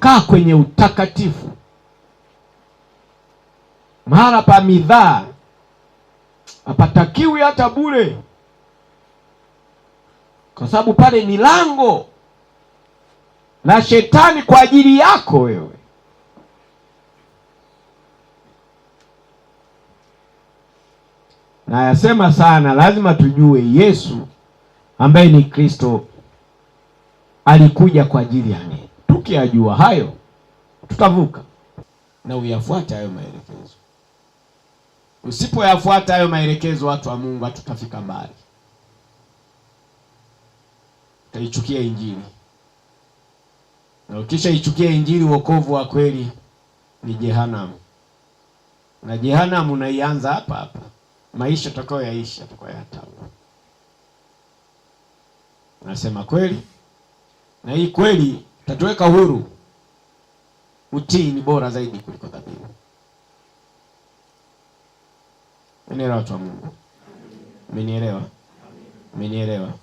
Kaa kwenye utakatifu, mahala pa midhaa hapatakiwi hata bure, kwa sababu pale ni lango la shetani kwa ajili yako wewe. Nayasema sana, lazima tujue Yesu ambaye ni Kristo alikuja kwa ajili ya nini. Tukiyajua hayo tutavuka na uyafuate hayo maelekezo. Usipoyafuata hayo maelekezo, watu wa Mungu, hatutafika mbali, utaichukia Injili na ukishaichukia Injili, wokovu wa kweli ni jehanamu, na jehanamu unaianza hapa hapa, maisha tutakayoyaishi tutakayoyatamba. Nasema kweli, na hii kweli tatuweka huru. Utii ni bora zaidi kuliko dhabihu. Menielewa watu wa Mungu? Menielewa? Menielewa?